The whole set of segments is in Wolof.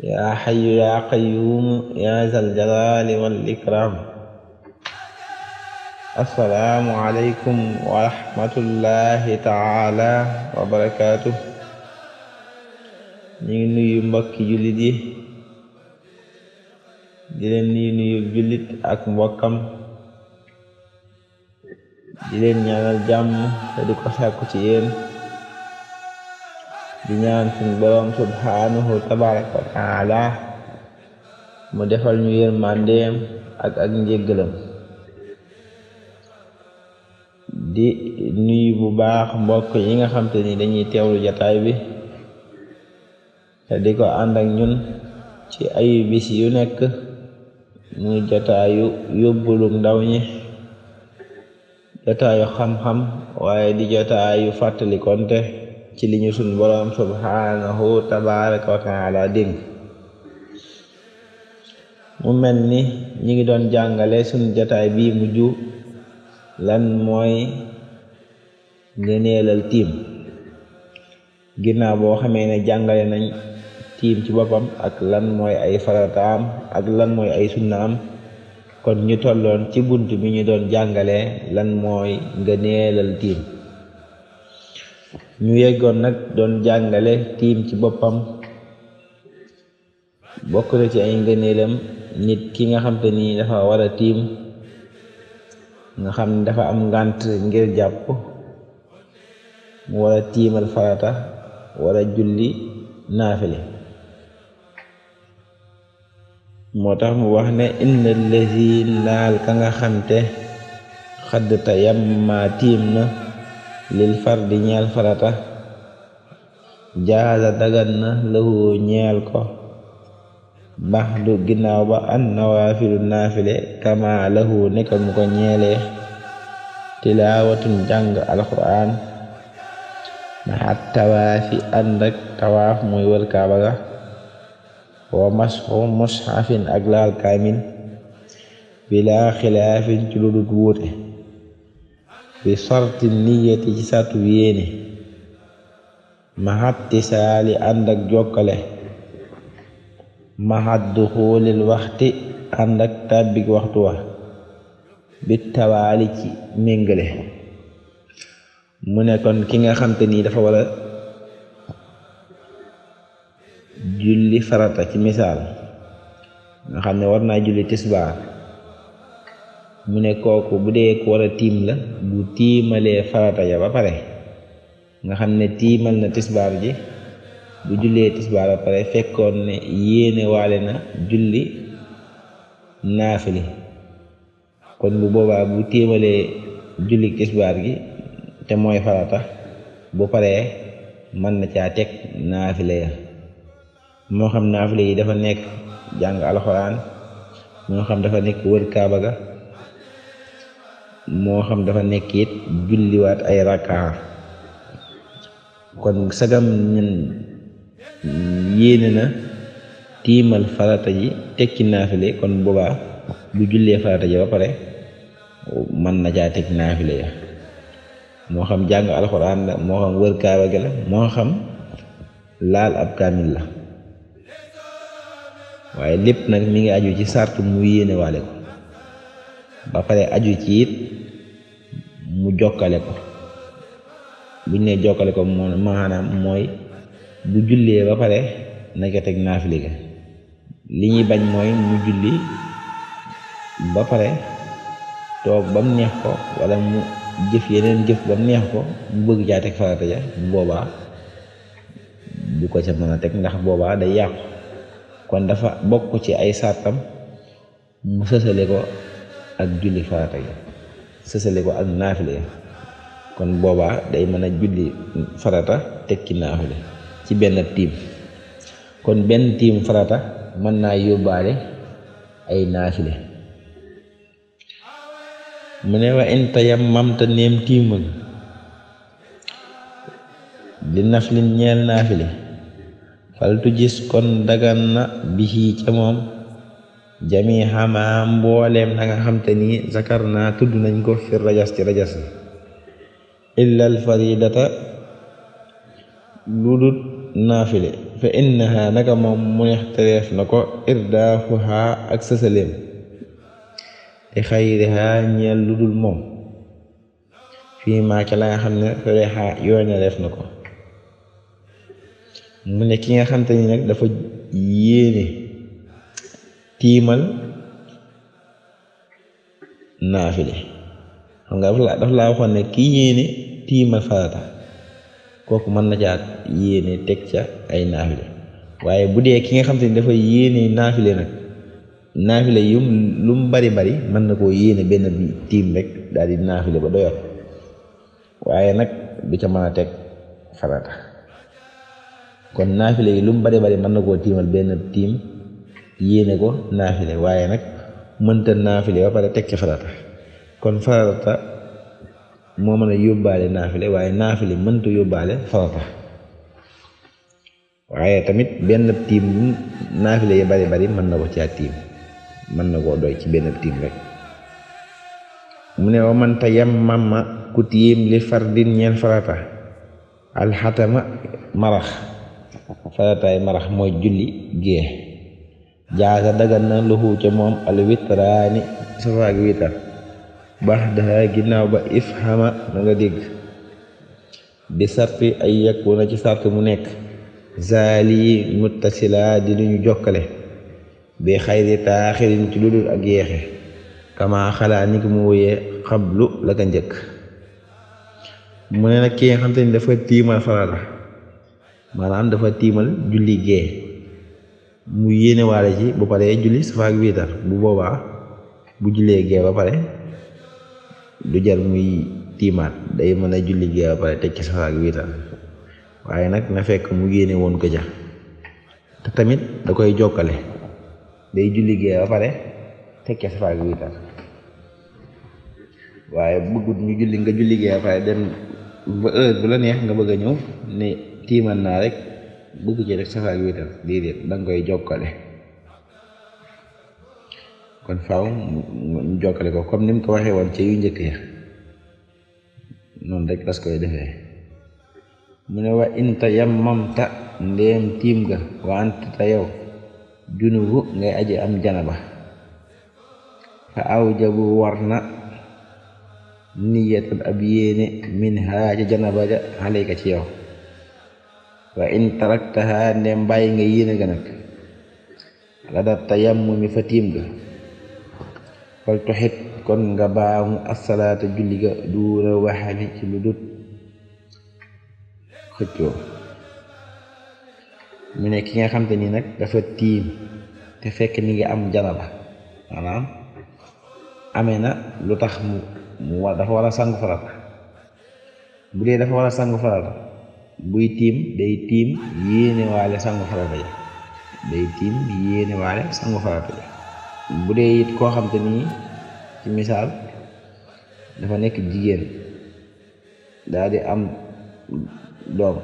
yaa xayu yaa qayuumu yaa zal jalaali wal ikraam assalaamu aleykum wa rahmatullahi taala wa barakaatu ñu ngi nuyu mbokki jullit yi di leen nuyu nuyu jullit ak mbokkam di leen ñaanal jàmm te di ko sàkku ci yéen di ñaan suñu boroom subhanahu tabaraka wa taala mu defal ñu yërmandeem ak ak njéggalam di nuyu bu baax mbokk yi nga xam te ni dañuy teewlu jataay bi te di ko ànd ak ñun ci ayu bis yu nekk muy jataayu yóbbulum ndaw ñi jataayu xam-xam waaye di jataayu fàttali konte ci li ñu suñ boroom subhanahu tabaraka wa taala dénk mu mel ni ñu ngi doon jàngale suñ jataay bii mujj lan mooy ngëneelal tiim ginnaaw boo xamee ne jàngale nañ tiim ci boppam ak lan mooy ay farataam ak lan mooy ay sunnaam kon ñu tolloon ci bunt bi ñu doon jàngale lan mooy ngëneelal tiim ñu yeggoon nag doon jàngale tiim ci boppam bokk na ci ay ngëneelam nit ki nga xam te nii dafa war a tiim nga xam ne dafa am ngànt ngir jàpp mu war a tiimal farata war a julli naafile moo tax mu wax ne inna lazi laal ka nga xam te xadd ta yam ma tiim na lil fardi ñeel farata jaaza dagan na lahu ñeel ko bax du ginnaaw ba an nawaafilu naafile kama lahu nekk mu ko ñeelee tilaawatun jàng alquran maxa tawaafi ànd ak tawaaf muy wër kaaba ga wa masxu mushafin ak laal kaamin bila xilaafin ci lu bi sarti niyati ci sàttu yéene maxatti saali ànd ak jokkale maxat du xoolil waxti ànd ak tàbbik waxtu wa bi tawaali ci méngale mu ne kon ki nga xam te nii dafa wala julli farata ci misaal nga xam ne war naa julli tisbaar mu ne kooku bu dee ku war a tiim la bu tiimalee farata ya ba pare nga xam ne tiimal na tisbaar ji bu jullee tisbaar ba pare fekkoon ne yéene waale na julli naafili kon bu boobaa bu tiimalee julli tisbaar gi te mooy farata bu pare mën na caa teg naafile ya moo xam naafile yi dafa nekk jàng alxuraan moo xam dafa nekk wër kaaba ga moo xam dafa nekk it julliwaat ay rakka kon sagam ñun yéene na tiimal farata ji teg ci naafile kon boobaa bu jullee farata ba pare mën na caa teg naafile ya moo xam jàng alxuraan moo xam wër kaaba gi la moo xam laal ab kaamil la waaye lépp nag mi ngi aju ci sart mu yéene waale ko ba pare aju ci it mu jokkale ko buñ ne jokkale ko moo maanaam mooy bu jullee ba pare na ca teg naafila ga li ñuy bañ mooy mu julli ba pare toog ba mu neex ko walla mu jëf yeneen jëf ba mu neex ko mu bëgg caa teg farata ja bu boobaa du ko ca mën a teg ndax boobaa day yàqu kon dafa bokk ci ay sàttam mu sësale ko ak julli farata ja sësale ko ak naafile kon boobaa day mën a julli farata teg ci naafile ci benn tiim kon benn tiim farata mën naa yóbbaale ay naafile mu ne wa in tayammamta néem tiimal li naflin ñeel naafile fal tu kon dagan bi ci ca moom jami xamaa mbooleem na nga xam te ni zakar naa tudd nañ ko fi rajas ci rajas yi illa alfaridata lu dut naafile fa innaha naka moom mu moom fii maa ca nga xam ne fereexa yoone reef na ko mu ne ki nga xam te ni nag dafa yéene tiimal naafile xam nga daf laa daf laa waxoon ne kii yéene tiimal farata kooku mën na caa yéene teg ca ay naafile waaye bu dee ki nga xam te dafay dafa yéene naafile nag naafile yum lu mu bari bari mën na koo yéene benn tiim rek daal naafile ba doyal waaye nag du ca mën a teg farata kon naafile yi lu mu bari bari mën na koo tiimal benn tiim yéene ko naafile waaye nag mënta naafile ba pare teg ci farata kon farata moo mën a yóbbaale naafile waaye naafile mënta yóbbaale farata waaye tamit benn tiim naafile yi bari bari mën na ko caa tiim mën na koo doy ci benn tiim rek mu ne wa mënta yam mamma ku tiim li fardin ñeen farata alxatama marax farataay marax mooy julli gée jaasa dagan na luxu ca moom alwitraani safaak witar baax daxa ginnaaw ba if xama na nga dégg bi sarti ay yekku ci sart mu nekk zaali muttasila dinañu jokkale bi xayri taaxirin ci ludul ak yeexe kama xalaa ni ki mu woyee xablu la ka njëkk mu ne nag ki nga xam te ni dafa tiimal farata maanaam dafa tiimal julli gee mu yéene waale ci bu paree julli safa wiitar bu boobaa bu jullee gee ba pare du jar muy tiimaat day mën a julli gee ba pare teg ci safa wiitar waaye nag na fekk mu yéene woon ko ja tamit da koy jokkale day julli gee ba pare teg ci safa ak wiitar waaye bëggut nga julli gee ba pare dem ba heure bu la neex nga bëgg a ñëw ne tiimaat naa rek bëgg ci rek safaak wiital déedéet danga koy jokkale kon faaw mu jokkale ko comme ni mu ko waxee woon ci yu njëkk ya noonu rek las koy defee mu ne wa inta yam mamta ndéem tiim nga wa anta ta yow junubu ngay aji am janaba fa aw jabu war na niyatal ab yéene min haa ci janaba ja xaleyka ci yow wa in taraktaha ndem bàyyi nga yéene ga nag la da tayammumi fa tiim ga fal tuxit kon nga baamu a julli ga duuna waxami ci lu dut xëccoo mu ne ki nga xam te ni nag dafa tiim te fekk mi ngi am janaba maanaam amee na lu tax mu mu dafa war a sangu farata bu dee dafa war a sangu farata buy tiim day tiim yéene waale sangu farata ja day tiim yéene sangu farata ja bu dee it koo xam te nii ci misaal dafa nekk jigéen daal di am doom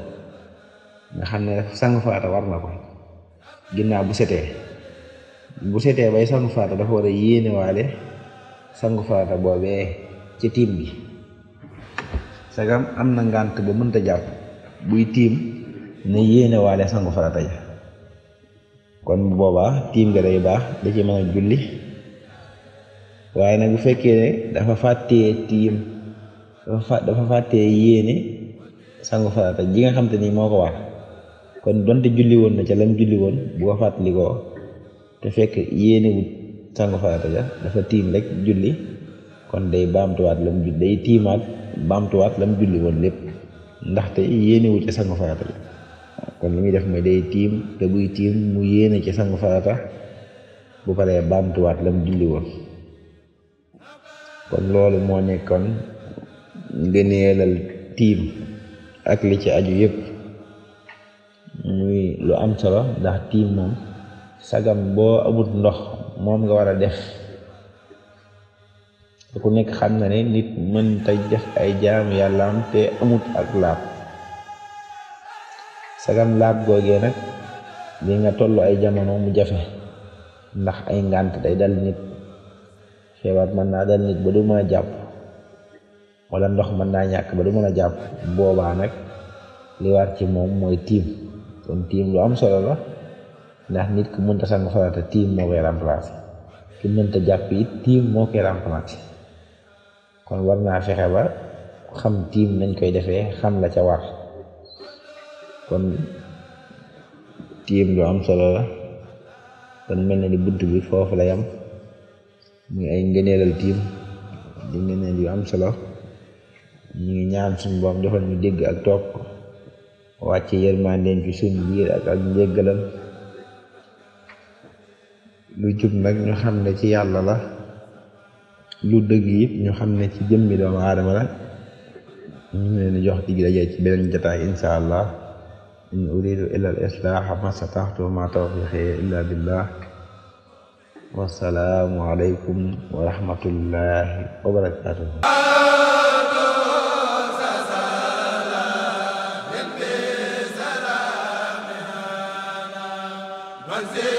nga xam ne sangu farata war na ko ginnaaw bu setee bu setee bay sangu farata dafa war a yéene waale sangu farata boobee ci tiim gi sagam am na ngànt ba mënta jàpp buy tiim ne yéene waale sangu farata ja kon boobaa tiim ga day baax da ci mën a julli waaye nag bu fekkee ne dafa fàttee tiim dafa fàttee yéene sangu farata ji nga xam te ni moo ko war kon donte julli woon na ca lam julli woon bu ko fàttalikoo te fekk yéene wut sangu farata ja dafa tiim rek julli kon day baamtuwaat lam julli day tiimaat baamtuwaat lam julli woon lépp ndaxte yéenewu ci sangu farata ji kon li muy def mooy day tiim te buy tiim mu yéene ci sangu farata bu paree baamtuwaat la mu julli woon kon loolu moo nekkoon ngëneelal tiim ak li ci aju yépp muy lu am solo ndax tiim moom sagam boo amut ndox moom nga war a def te ku nekk xam na ne nit mën ta def ay jaamu yàllaam te amut ak laab sagam laab googee nag li nga toll ay jamono mu jafe ndax ay ngànt day dal nit feebar mën naa dal nit ba du mën a jàpp wala ndox mën naa ñàkk ba du mën a jàpp boobaa nag li ci moom mooy tiim kon tiim lu am solo la ndax nit ku mënta sangu farata tiim moo koy remplacé ki mënta jàpp it tiim moo koy remplacé kon war naa fexe ba xam tiim nañ koy defee xam la ca war kon tiim lu am solo la kon mel na ni bunt bi foofu la yam mu ay ngëneelal tiim di ngëneel yu am solo mu ngi ñaan suñu boom defal ñu dégg ak toog wàcce yërmandeen ci suñu biir ak ak njéggalam lu jub nag ñu xam ne ci yàlla la lu dëgg it ñu xam ne ci jëmmi doomu aadama la ñu ngi leen jox dig daje ci beneen jotaay insha allah in uridu illa al islaaha ma stataxtu ma tawfiqi illa billah wassalaamu aleykum wa rahmatullahi wa barakatuh One day.